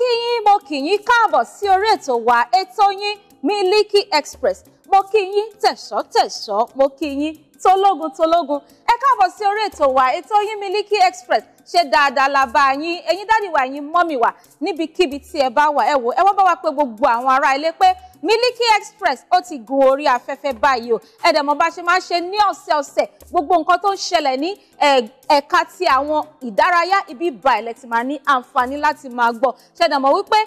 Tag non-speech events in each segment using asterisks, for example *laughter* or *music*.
kí yín mo kì yín káàbọ̀ sí orí ètò wa ètò yín Miliki Express mo kí yín tẹ̀sọ́tẹ̀sọ́ mo kí yín tológun tológun ẹ káàbọ̀ sí orí ètò wa ètò yín Miliki Express ṣé dáadáa la bá yín ẹ̀yin dáàdì wa ẹ̀yin mọ́mì wa níbikíbi tí ẹ bá wà ẹ wò ẹ wọ́n bá wa pé gbogbo àwọn ará ilé pé Miliki Express ó ti gun orí afẹ́fẹ́ báyìí o ẹ̀dẹ̀ mọ̀ bá ṣe máa ń ṣe ní ọ̀sẹ̀ ọ̀sẹ̀ gbogbo nǹkan tó ń ṣẹlẹ̀ ní ẹ̀ka ti àwọn ìdárayá ibi ìbà ilẹ̀ ti máa ní àǹfààní láti máa gbọ́ ṣẹ̀dẹ̀ mọ̀ wípé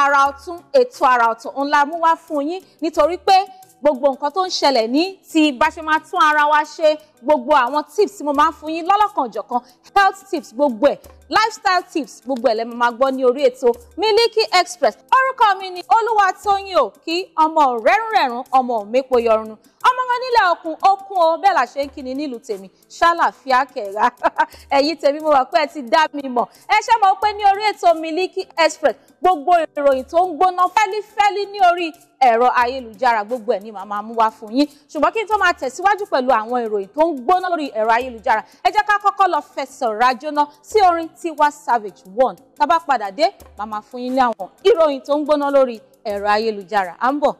àrà ọ̀tun ètò àrà ọ̀tun ńlá mú wá fún yín nítorí pé gbogbo nǹkan tó ń ṣẹlẹ̀ ní ti bá ṣe máa tún ara wa ṣe gbogbo àwọn tips tí mo máa ń fún yín lọ́lọ́kanjọ̀kan health tips gbogbo ẹ̀ lifestyle tips gbogbo ẹ̀ lẹ́ máa gbọ́ ní orí ètò Miliki Express orúkọ mi ni Olúwatóyìn o kí ọmọ rẹ́rùnrẹ́rùn ọmọ mẹ́po yọrùn ọmọ wọn nílẹ̀ okun okun o bẹ́ẹ̀ là ṣe ń kíni nílùú tèmi ṣàlàfíà kẹ̀ra *laughs* ẹ̀yin tèmi mo wà pé ẹ ti dá mi mọ̀ ẹ ṣe mọ̀ pé ní orí ètò Miliki Express gbogbo ìròyìn tó ń gbóná fẹ́lifẹ́li ní orí ẹ̀rọ ayélujára gbogbo ẹ̀ ni màá máa mú wá fún yín ṣùgbọ́n kí n tó máa tẹ̀síwájú pẹ̀lú àwọn ìròyìn tó ń gbóná lórí ẹ̀rọ ayélujára ẹ jẹ́ ká kọ́kọ́ lọ fẹsọ̀ rajọ́ná sí orin Tiwa Savage one tá bá padà dé màá máa fún yín ní àwọn ìròyìn tó ń gbóná lórí ẹ̀rọ ayélujára à ń bọ̀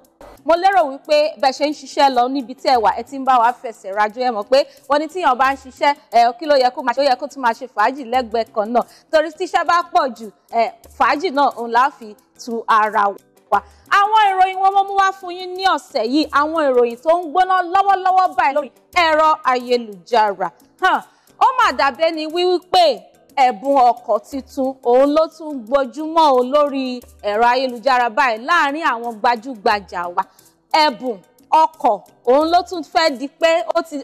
mo lérò wípé bẹ́ẹ̀ ṣe ń ṣiṣẹ́ lọ níbi tí ẹ wà ẹ ti ń bá wa fẹsẹ̀ rajó ẹ mọ̀ pé wọ́n ní tíyàn bá ń ṣiṣẹ́ ẹ kí ló yẹ kó máa ṣe ó yẹ kó tún máa ṣe fàájì lẹ́gbẹ̀ẹ́ kan náà torí tíṣẹ́ bá pọ̀ jù fàájì náà òun láfi tu ara wa wa àwọn ìròyìn wọn mo mú wá fún yín ní ọ̀sẹ̀ yìí àwọn ìròyìn tó ń gbóná lọ́wọ́lọ́wọ́ báyìí lórí ẹ̀rọ ayélujára ó mà dàbẹ́ ni wípé ẹ̀bùn ọkọ̀ tuntun òun ló tún gbojúmọ́ o lórí ẹ̀rọ ayélujára báyìí láàárín àwọn gbajúgbajà wa ẹ̀bùn ọkọ̀ òun ló tún fẹ́ di pé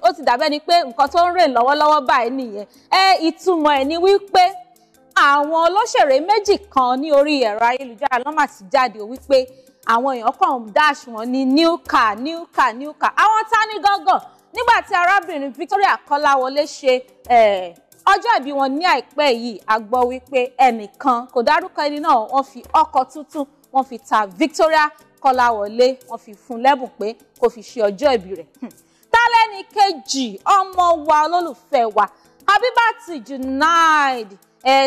ó ti dàbẹ́ ni pé nǹkan tó ń rè lọ́wọ́lọ́wọ́ báyìí nìyẹn ẹ ìtumọ̀ ẹ̀ ni wípé àwọn olóṣèré méjì kan ní orí ẹ̀rọ ayélujára lọ́mà ti jáde wípé àwọn èèyàn kan dash wọn ní new car new car new car àwọn ta ní gángan nígbà tí arábìnrin Victoria Kọ́láwọlé ṣe ọjọ́ ìbí wọn ní àìpẹ́ yìí a gbọ́ wípé ẹnìkan kò dárúkọ ẹni náà wọ́n fi ọkọ̀ tuntun wọ́n fi ta Victoria Kọ́láwọlé wọ́n fi fún lẹ́bùn pé kò fi ṣe ọjọ́ ìbí rẹ̀ hmm. tálẹ́ni kejì ọmọ wa olólùfẹ́ wa Habibatu Junaid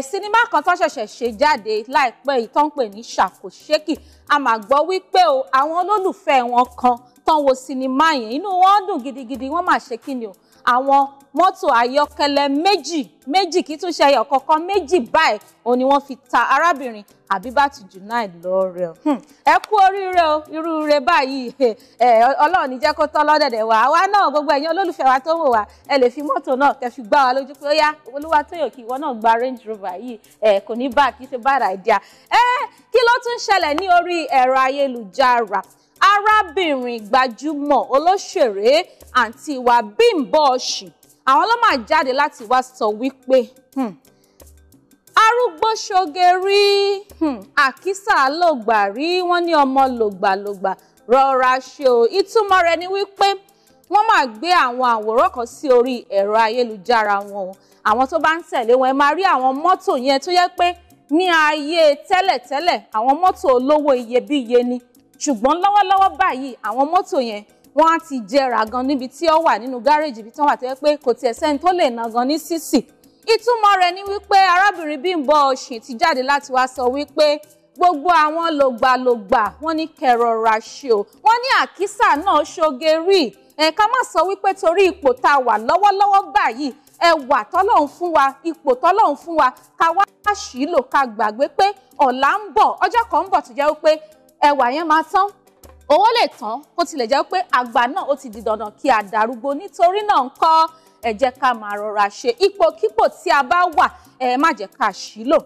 sinimá kan tó ṣẹ̀ṣẹ̀ ṣe jáde láìpẹ́ yìí tó ń pè ní ṣàkóṣékì a máa gbọ́ wípé o àwọn olólùfẹ́ wọn kan tán wo sinimá yẹn inú wọn dùn gidigidi wọ́n máa ṣe kí ni o àwọn mọ́tò ayọ́kẹ́lẹ́ méjì méjì kì í tún ṣe ẹyọ kọ̀ọ̀kan méjì báyìí òun ni wọ́n fi ta arábìnrin Àbíbátù Junaid lọ́rẹ o hmm, ẹ kú oríire o irú rẹ báyìí ẹ Ọlọ́run ní jẹ́ kó tọ́ lọ́dẹ̀dẹ̀ wá wa náà gbogbo ẹ̀yin olólùfẹ́ wa tó wò wá ẹ lè fi mọ́tò náà kẹ́ fi gbá wa lójú pé ó yá Olúwatóyọ̀ kí ìwọ náà gba Range Rover yìí ẹ kò ní bá kì í ṣe bad idea ẹ kí ló tún ṣẹlẹ̀ ní orí ẹ̀rọ ayélujára arábìnrin gbajúmọ̀ olóṣèré àǹtí wa Bímbọ́ Ọ̀ṣì àwọn ló máa jáde láti wá sọ wípé hmm, arúgbó ṣoge rí hmm, àkísà lògbà rí wọ́n ní ọmọ lògbàlògbà rọra ṣe o ìtumọ̀ rẹ̀ ni wípé wọ́n máa gbé àwọn àwòrán kan sí orí ẹ̀rọ ayélujára wọn o àwọn tó bá ń tẹ̀lé wọn ẹ máa rí àwọn mọ́tò yẹn tó yẹ pé ní ayé tẹ́lẹ̀tẹ́lẹ̀ àwọn mọ́tò olówó iyebíye ni ṣùgbọ́n lọ́wọ́lọ́wọ́ báyìí àwọn mọ́tò yẹn wọ́n á ti jẹrà gan níbi tí ó wà nínú gáréèjì ibi tí wọ́n wà tó yẹ pé kò tiẹ̀ sẹ́ni tó lè nà gan ní sísì ìtumọ̀ rẹ̀ ni wípé arábìnrin Bímbọ́ Òṣìn ti jáde láti wá sọ wípé gbogbo àwọn lògbàlògbà wọ́n ní kẹrọra ṣe o wọ́n ní àkísà náà ṣoge rí ẹ ká má sọ wípé torí ipò tá a wà lọ́wọ́lọ́wọ́ báyìí ẹwà tọ́lọ́hún fún wa ipò tọ́lọ́hún fún wa ká wá sílò ká gbàgbé pé ọ̀la ń bọ̀ ọjọ́ kan ń bọ̀ tó jẹ́ wípé ẹwà yẹn máa tán owó lè tán kó tilẹ̀ jẹ́ pé àgbà náà ó ti di dandan kí a darúgbó nítorí náà ń kọ́ ẹ jẹ́ ká máa rọra ṣe ipòkípò tí a bá wà ẹ má jẹ́ ká ṣìlò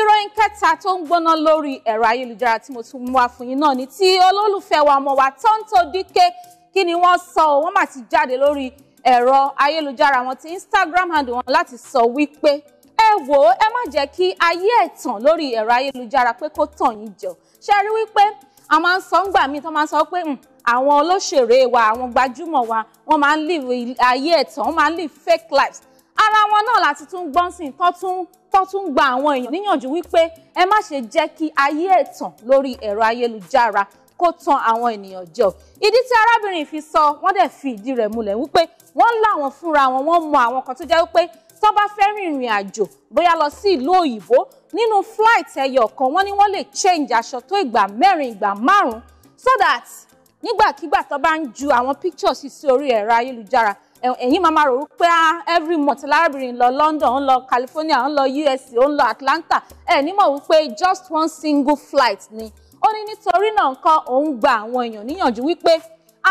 ìròyìn kẹta tó ń gbóná lórí ẹ̀rọ ayélujára tí mo tún wá fún yín náà ni tí olólùfẹ́ wa ọmọ wa Tonto Dike kí ni wọ́n sọ ọ́ wọ́n mà ti jáde lórí ẹ̀rọ ayélujára wọn ti Instagram handle wọn láti sọ wípé ẹ wò ó ẹ má jẹ́ kí ayé ẹ̀tàn lórí ẹ̀rọ ayélujára pé kó tàn yín jẹ ṣe rí wípé a máa ń sọ ń gbà míì tó máa ń sọ pé hmm, àwọn olóṣèré wa àwọn gbajúmọ̀ wa wọ́n máa ń live ayé ẹ̀tàn wọ́n máa ń live fake lives ara wọn náà láti tún gbọ́n sí i tó tún gba àwọn èèyàn níyànjú wípé ẹ má ṣe jẹ́ kí ayé ẹ̀tàn lórí ẹ̀rọ ayélujára kó tan àwọn ènìyàn jẹ o ìdí tí arábìnrin fi sọ wọ́n dẹ̀ fi ìdí rẹ̀ múlẹ̀ wípé wọ́n láwọn fúnra wọn wọ́n mọ àwọn kan tó jẹ́ wípé tó bá fẹ́ rìnrìn àjò bóyá lọ sí ìlú òyìnbó nínú flight ẹyọ kan wọ́n ní wọ́n lè change aṣọ tó ìgbà mẹ́rin ìgbà márùn so that nígbàkigbà tó bá ń ju àwọn pictures sí orí ẹ̀rọ ayélujára ẹ̀yin máa ma rò wípé ah, every month lárábìnrin lọ London ń lọ California ń lọ USA ń lọ Atlanta ẹ̀ nímọ̀ wípé just one single flight ni ó ní nítorí náà nǹkan òun gba àwọn èèyàn níyànjú wípé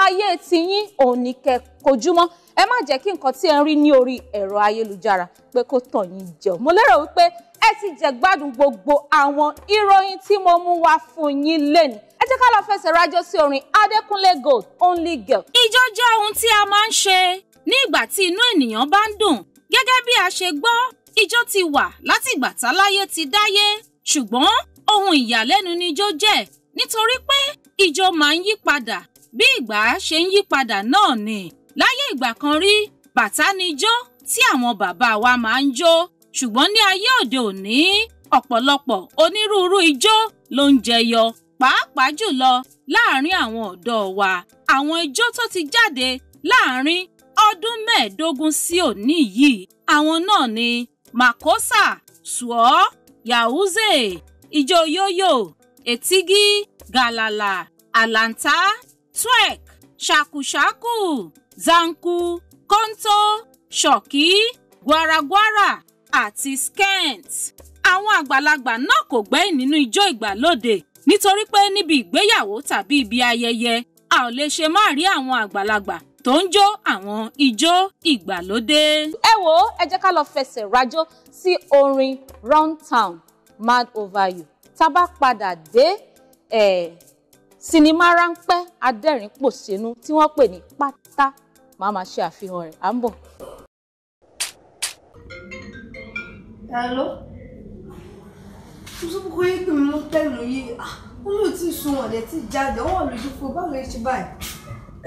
ayé tiyín òní kẹ kojúmọ́ ẹ má jẹ́ kí nǹkan tí ẹ ń rí ní orí ẹ̀rọ ayélujára pé kó tàn yín jẹ mo lérò wípé ẹ ti jẹ gbádùn gbogbo àwọn ìròyìn tí mo mú wá fún yín lẹ́nu ẹ jẹ́ ká lọ fẹsẹ̀ rájọ́ sí orin Adékúnlé Gold Only Girl. ijó jẹ́ ohun tí a máa ń ṣe ní ìgbà tí inú ènìyàn bá ń dùn gẹ́gẹ́ bí a ṣe gbọ́ ijó ti wà láti ìgbà táláyé ti dáyé ṣùgbọ́n ohun ìyàlẹ́nu ni ijó jẹ́ nítorí pé ijó máa ń yí padà bí ìgbà ṣe ń yí padà náà nì láyé ìgbà kan rí bàtá ni jó tí àwọn bàbá wa máa ń jó ṣùgbọ́n ní ayé òde òní ọ̀pọ̀lọpọ̀ onírúurú ijó ló ń jẹyọ pàápàá jùlọ láàárín àwọn ọ̀dọ́ wa àwọn ijó tó ti jáde láàárín ọdún mẹ́ẹ̀ẹ́dógún sí òní yìí àwọn náà ni makosa suọ yahuze ijó yoyo etigi galala alanta twerk ṣàkùṣàkù zanku kọ́ńtò ṣọ̀kí gwaragwara àti skent. àwọn àgbàlagbà náà kò gbẹ́yìn nínú ijó ìgbàlóde nítorí pé níbi ìgbéyàwó tàbí ibi ayẹyẹ a ò lè ṣe má rí àwọn àgbàlagbà tó ń jó àwọn ijó ìgbàlódé. ẹ wo ẹ jẹ́ ká lọ fẹsẹ̀ rajó sí orin round town mad over you tá a bá padà dé ẹ̀ sinimá ráńpẹ́ adẹ́rìn-pòṣónú tí wọ́n pè ní pátá màá máa ṣe àfihàn rẹ̀ à ń bọ̀. Hello? Mo sọ pé kò yẹ kí mi mú tẹ́lù yìí. Wọ́n lò tí sun ọ̀dẹ̀ tí jáde, wọ́n lójú fún báwo lè ṣe báyìí.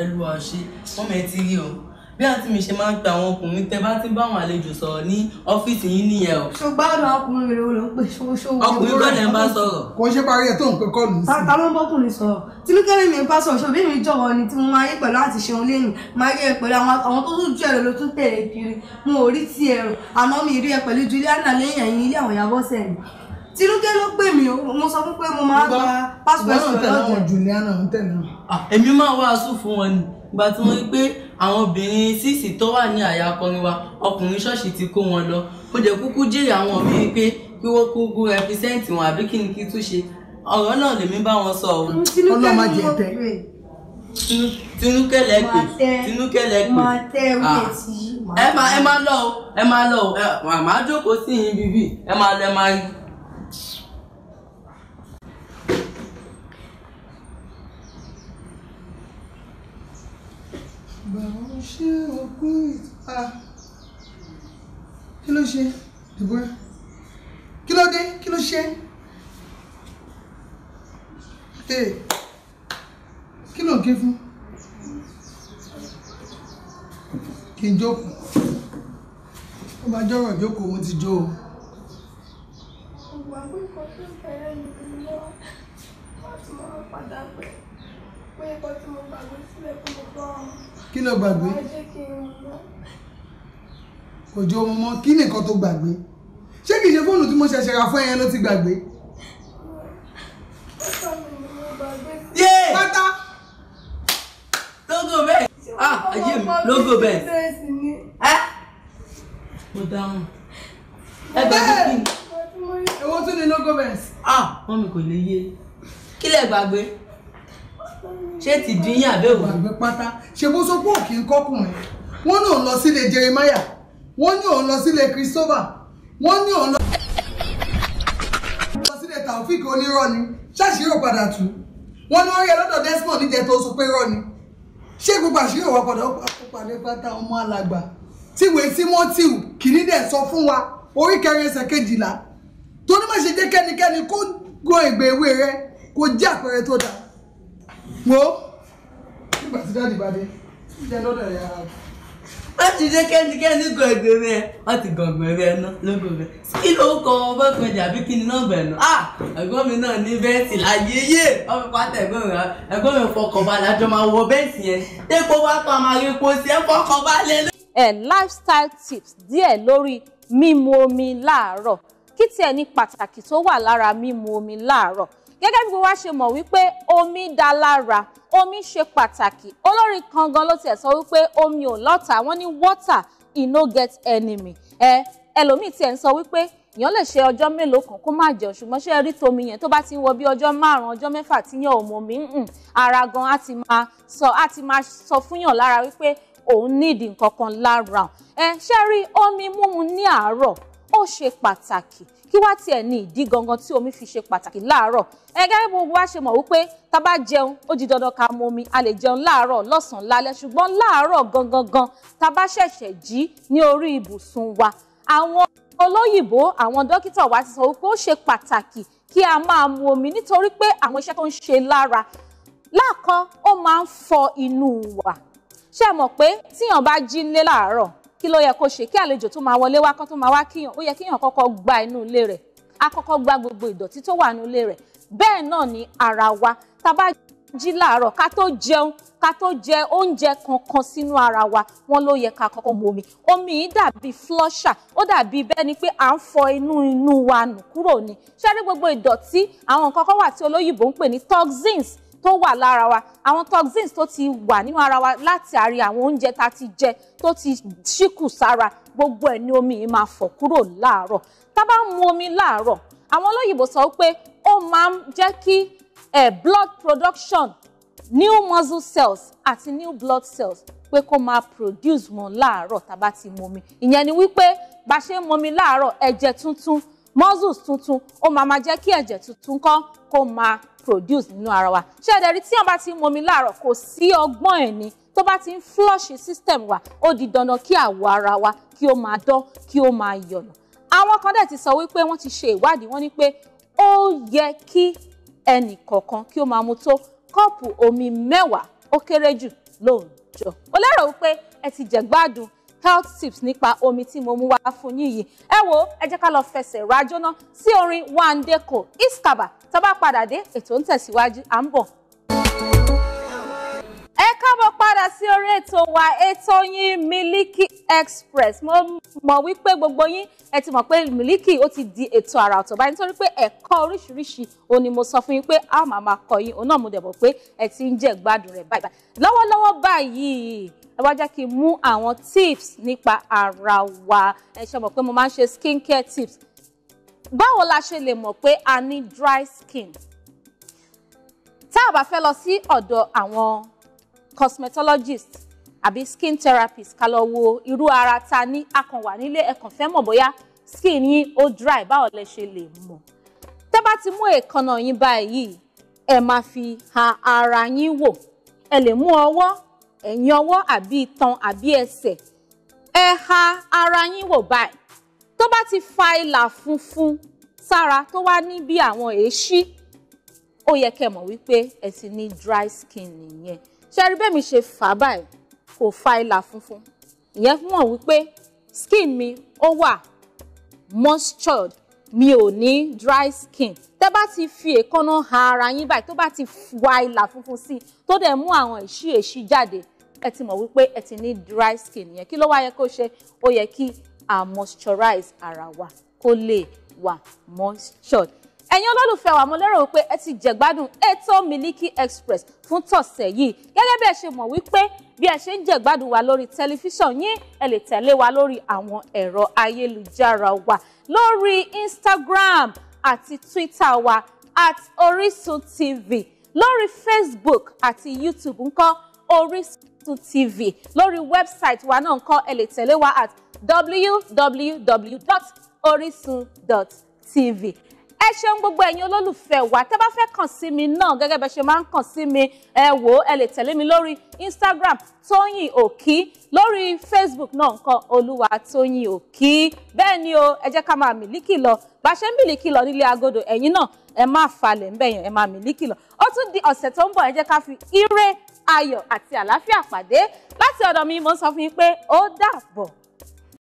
Ẹ lu àṣẹ, wọ́n mẹ́ ti rí o bí àǹtí mi ṣe máa ń pe àwọn ọkùnrin tẹ bá ti bá àwọn àlejò sọ̀rọ̀ ní ọ́fíìsì yín nìyẹn o. ṣùgbọ́n ọkùnrin rẹ̀ ló ń pè ṣòwòṣòwò. ọkùnrin tó lè bá sọ̀rọ̀. kò ṣe parí ẹ̀ tó ń pe kọ́ọ̀lù sí. ta ló ń bọ́kùnrin sọ̀rọ̀ tinúkẹ́rẹ́ mi bá sọ̀rọ̀ ṣòbí mi jọ̀wọ́ ni tí mo máa yé pẹ̀lú àti ṣeun lẹ́yìn máa yé pẹ̀lú àwọn tó tún jù ẹ̀rọ ló tún tẹ̀lé kiri mo ò rí ti ẹ̀rọ àmọ́ mi rí ẹ pẹ̀lú Juliana lẹ́yìn ẹ̀yìn ilé àwọn ìyàbọ̀ sẹ́yìn tinúkẹ́ ló pè mí o mo sọ fún pé mo máa gba pásítọ̀ ẹ̀sìn lọ́dún. Juliana ń tẹ̀lé. Ah, èmi máa wá aṣù fún wọn ni ìgbà tí wọ́n rí pé àwọn obìnrin síìsì tó wà ní àyà akọrin wa ọkùnrin ṣọ́ọ̀ṣì ti kó wọn lọ ó jẹ́ kúkú jèrè àwọn mi wípé kí wọ́n kúkú rẹpísẹ́ǹtì wọn àbí kí ni kí tún ṣe ọ̀rọ̀ náà lèmi bá wọn sọ ọ́ ọlọ́mọ jẹ tẹ tinúkẹ́lẹ́ pè tinúkẹ́lẹ́ pè ah. ẹ máa lọ ẹ máa lọ màmá jókòó sí yín bíbí ẹ máa lọ ẹ máa ṣé ogún ìta kí ló ṣe Deborah kí ló dé kí ló ṣe kí ló ń ké fún kí n jókòó ó bá jọ̀rọ̀ jókòó mo ti jó o. nǹkan tí mo mo gbọ́. kí ló gbàgbé. wọ́n jẹ́ kí n mọ́. kò jẹ́ ọmọ mọ́ kí ni nǹkan tó gbàgbé ṣé kìí ṣe fóònù tí mo ṣẹ̀ṣẹ̀ ra fún ẹyẹn ló ti gbàgbé. lógo bẹ́ẹ̀ ah ayé mi lógo bẹ́ẹ̀. mo dáhùn ẹ gbàgbé kí ni. èwo tún ni lógo bẹ́ẹ̀. ah mọ́mi kò lè yé kí lẹ gbàgbé ṣé ti dín yín àbẹ́ òun. àgbẹ̀ pátá ṣe bó so pọ̀ kí n kọ́kùnrin wọ́n ní òun lọ sílé Jeremiah wọ́n ní òun lọ sílé Christopher wọ́n ní òun lọ sílé Taofik onírọ́ ni ṣáṣírò padà tù wọ́n ní wọ́n rí ẹlọ́dọ̀ Desmond níjẹ́ tó sọ pé rọ́ ni ṣé gbogbo àṣírí wa padà pàdé pátá ọmọ alàgbà tíwèé Timothy kìíní dẹ̀ sọ fún wa orí kẹrin ẹsẹ̀ kejìlá tó ní má ṣe jẹ́ kẹ́nikẹ́ni kó gbọ́ ìgbèwé rẹ kó jẹ́ àpẹẹrẹ tó dáa wo nígbà tí dáàdì bá dé jẹ lọ́dọ̀ ẹ̀yà ara rẹ̀. wọ́n ti dé kẹ́nikẹ́ni gọ̀ǹgbẹ̀ rẹ̀ wọ́n ti gọ̀ǹgbẹ̀ rẹ̀ ná lógo rẹ̀ kí ló ń kọ ọmọ kan jàbí kí ni nọ́ọ̀bà ẹ̀ nà á ah! ẹ̀gbọ́n mi náà ní bẹ́ẹ̀sì láyé yé ọmọ pátá ẹ̀gbọ́n mi ẹ̀gbọ́n mi fọkànbalẹ̀ àjọ máa wọ bẹ́ẹ̀sì yẹn tépo wá pa máa rí epo sí ẹ fọkànbalẹ̀. ẹ lifestyle tips díẹ̀ lórí mímu omi láàárọ̀ kí tiẹ̀ ní pàtàkì tó wà lára mímu omi láàárọ̀ gẹ́gẹ́ bí mo wá ṣe mọ̀ wípé omi dá lára omi ṣe pàtàkì olórin kan gan ló tiẹ̀ sọ wípé omi ò lọ́tà wọ́n ní water e no get enemy ẹ ẹlòmíì tiẹ̀ ń sọ wípé èèyàn lè ṣe ọjọ́ mélòó kan kó má jẹun ṣùgbọ́n ṣé rí tomi yẹn tó bá ti ń wọ bí ọjọ́ márùn-ún ọjọ́ mẹ́fà tí yẹn ò mọ̀ mí ara gan á ti máa sọ á ti máa sọ fún yàn lára wípé òun nídìí nǹkan kan lára ẹ ṣé rí omi múmu ní àárọ̀ ó ṣe pàtàkì kí wá tiẹ̀ ní ìdí gangan tí omi fi ṣe pàtàkì láàárọ̀ ẹ̀gẹ́ bí gbogbo wa ṣe mọ̀ wípé tá bá jẹun ó di dandan ká mu omi a lè jẹun láàárọ̀ lọ́sàn-án lálẹ́ ṣùgbọ́n láàárọ̀ gangan gan tá bá ṣẹ̀ṣẹ̀ jí ní orí ibùsùn wa àwọn olóyìnbó àwọn dókítà wa ti sọ wípé ó ṣe pàtàkì kí a máa mu omi nítorí pé àwọn iṣẹ́ tó ń ṣe lára láàkọ́ ó máa ń fọ inú wa ṣé mọ̀ pé tíyàn bá jí lé láàárọ̀ kí ló yẹ kó ṣe kí àlejò tó máa wọlé wá kán tó máa wá kíyàn ó yẹ kíyàn kọ́kọ́ gba inú ilé rẹ̀ á kọ́kọ́ gba gbogbo ìdọ̀tí tó wà nínú ilé rẹ̀ bẹ́ẹ̀ náà ni ara wa tá a bá jí láàárọ̀ ká tó jẹun ká tó jẹ oúnjẹ kankan sínú ara wa wọn ló yẹ ká kọ́kọ́ mu omi omi yìí dàbí flọ́ṣà ó dàbí bẹ́ẹ̀ ni pé à ń fọ inú inú wa nù kúrò ni ṣé rí gbogbo ìdọ̀tí àwọn nǹkan wà tí olóyìnbó ń pè ní toxins tó wà lára wa àwọn toxins tó ti wà nínú ara wa láti àrí àwọn oúnjẹ tá a ti jẹ tó ti ṣíkù sára gbogbo ẹ̀ ní omi yìí máa fọ̀ kúrò láàárọ̀ tá a bá mu omi láàárọ̀ àwọn olóyìnbó sọ pé ó máa ń jẹ́ kí eh, blood production new muscle cells àti new blood cells pé kó máa produce wọn láàárọ̀ tá a bá ti mu omi ìyẹn ni wípé bá ṣe ń mu omi láàárọ̀ ẹ̀jẹ̀ tuntun muscles tuntun ó máa máa jẹ́ kí ẹ̀jẹ̀ tuntun kan kó máa produce nínú ara wa ṣé ẹ̀dẹ̀ rí tí wọ́n bá ti ń momi láàárọ̀ kò sí ọgbọ́n ẹ̀ ni tó bá ti ń flush system wa ó di dandan kí àwọ̀ ara wa kí ó máa dán kí ó máa yọ̀nà àwọn kan dẹ̀ ti sọ wípé wọ́n ti ṣe ìwádìí wọ́n ní pé ó yẹ kí ẹnì kọ̀ọ̀kan kí ó máa mu tó kọ́ọ̀pù omi mẹ́wàá ó kéré jù lóòjọ́ ó lérò wípé ẹ ti jẹ̀gbádùn health tips nípa omi tí mo mú wá fún yín yìí ẹ wo ẹ jẹ́ ká lọ fẹsẹ̀ rájọ́ ná sí orin wandeko iskaba tá bá padà dé ètò ń tẹ̀síwájú à ń bọ̀ ẹ káàbọ̀ padà sí orí ètò wa ètò yín Miliki Express mo mọ̀ wípé gbogbo yín ẹ ti mọ̀ pé Miliki ó ti di ètò àrà ọ̀tọ̀ báyìí nítorí pé ẹ̀kọ́ oríṣiríṣi o ni mo sọ fún yín pé a máa máa kọ yín òun náà mo dẹ̀ bọ̀ pé ẹ ti ń jẹ́ gbádùn rẹ̀ báyìí lọ́wọ́lọ́wọ́ báyìí wá jẹ́ kí n mú àwọn tips nípa ara wa ẹ ṣe mọ̀ pé mo máa ń ṣe skin care tips báwo la ṣe lè mọ̀ pé a ní dry skin tá a bá fẹ́ lọ sí ọ̀dọ̀ àwọn cosmetologist àbí skin therapist ká lọ wo irú ara ta ní akàn wà nílé ẹ fẹ́ mọ̀ bóyá skin yín ó dry báwo lẹ ṣe lè mọ̀ tẹ́ bá ti mú èékánná yín báyìí ẹ máa fi ha ara yín wò ẹ lè mú ọwọ́ ẹ̀yìn ọwọ́ àbí itan àbí ẹsẹ̀ ẹ ha ara yín wò báyìí tó bá ti fa ìlà funfun sára tó wá ní bí àwọn èéṣí ó yẹ kẹ́ mọ̀ wípé ẹ ti ní dry skin nìyẹn ṣe rí bẹ́ẹ̀ mi ṣe fà á báyìí kò fa ìlà funfun ìyẹn mọ̀ wípé skin mi ó wà moistured mi ò ní dry skin tẹ́ bá ti fi èékánná ha ara yín báyìí tó bá ti wa ìlà funfun sí i tó dẹ̀ mú àwọn èṣí èṣí jáde ẹ ti mọ̀ wípé ẹ ti ní dry skin yẹn kí ló wá yẹ kó ṣe ó yẹ kí a moisturize ara wa kó lè wà moistured ẹ̀yin olólùfẹ́ wa mo lérò wípé ẹ ti jẹ̀gbádùn ètò Miliki Express fún tọ̀sẹ̀ yìí gẹ́gẹ́ bí ẹ ṣe mọ̀ wípé bí ẹ ṣe ń jẹ̀gbádùn wa lórí tẹlifíṣàn yín ẹ lè tẹ̀lé wa lórí àwọn ẹ̀rọ ayélujára wa lórí Instagram àti Twitter wa at Orisun TV lórí Facebook àti YouTube ńkọ́ Orisun. Orísun TV lórí wẹ́bsáìtì wa náà kọ́ ẹ lè tẹ̀lé wa at www.orisun.tv ẹ ṣeun gbogbo ẹ̀yin olólùfẹ́ wa tẹ́ bá fẹ́ kàn sí mi náà gẹ́gẹ́ bẹ́ ṣe máa ń kàn sí mi ẹ wò ó ẹ lè tẹ̀lé mi lórí Instagram Tóyìn Òkí lórí Facebook náà nǹkan olúwa Tóyìn Òkí bẹ́ẹ̀ ni o ẹ jẹ́ ká máa mìlíkì lọ bá ṣe ń mìlíkì lọ nílé agodo ẹ̀yin náà ẹ má falẹ̀ ń bẹ̀yàn ẹ máa mìlíkì lọ ó tún di ọ̀sẹ̀ tó ń bọ̀ ẹ jẹ́ ká fi ire ayọ̀ àti àlàáfíà pàdé láti ọ̀dọ̀ mi mo sọ fún yín pé ó dàbọ̀.